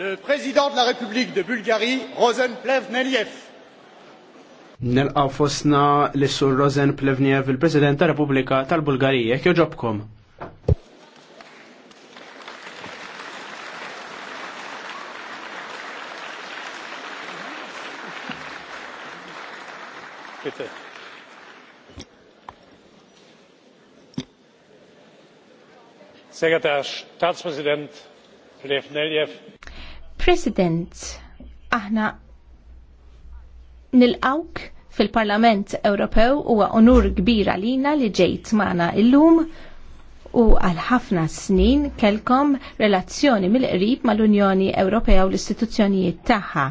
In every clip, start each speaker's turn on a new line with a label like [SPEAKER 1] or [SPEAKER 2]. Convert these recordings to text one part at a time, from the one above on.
[SPEAKER 1] le président de la République de Bulgarie, Rosen Plevneliev. Nelqa fosna l sur Rosen Plevniev, il-President ta' Repubblika tal-Bulgarija. Kjo ġobkom? Bitte. Sehr geehrter Herr Staatspräsident Plevneliev, President, aħna nilqawk fil-Parlament Ewropew huwa onur kbir għalina li ġejt magħna illum u għal ħafna snin kelkom relazzjoni mill-qrib mal-Unjoni Ewropea u l-istituzzjonijiet tagħha.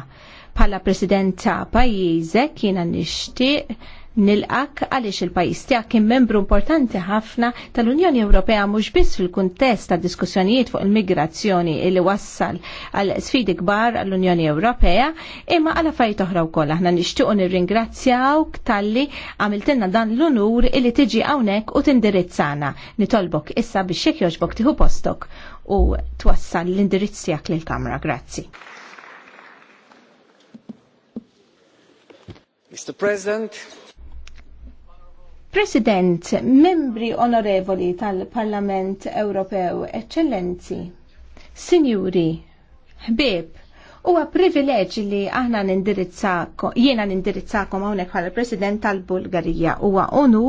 [SPEAKER 1] Pala Presidenta pajizek pajjiżek jiena nixtieq nilqak għaliex il-pajis tiegħek kien membru importanti ħafna tal-Unjoni Ewropea mhux biss fil-kuntest ta' diskussjonijiet fuq il-migrazzjoni li wassal għal sfidi kbar għall-Unjoni Ewropea imma għal affarijiet oħra wkoll aħna nixtiequ nirringrazzjawk talli għamiltilna dan l-unur li tiġi hawnhekk u tindirizzana. Nitolbok issa biex xek joġbok tieħu postok u twassal l-indirizz tiegħek lill-Kamra. Grazzi. Mr. President, President, membri onorevoli tal-Parlament Ewropew, Eccellenzi, Signuri, bib, huwa privileġ li aħna nindirizzakom, jiena nindirizzakom hawnhekk għal President tal-Bulgarija huwa onu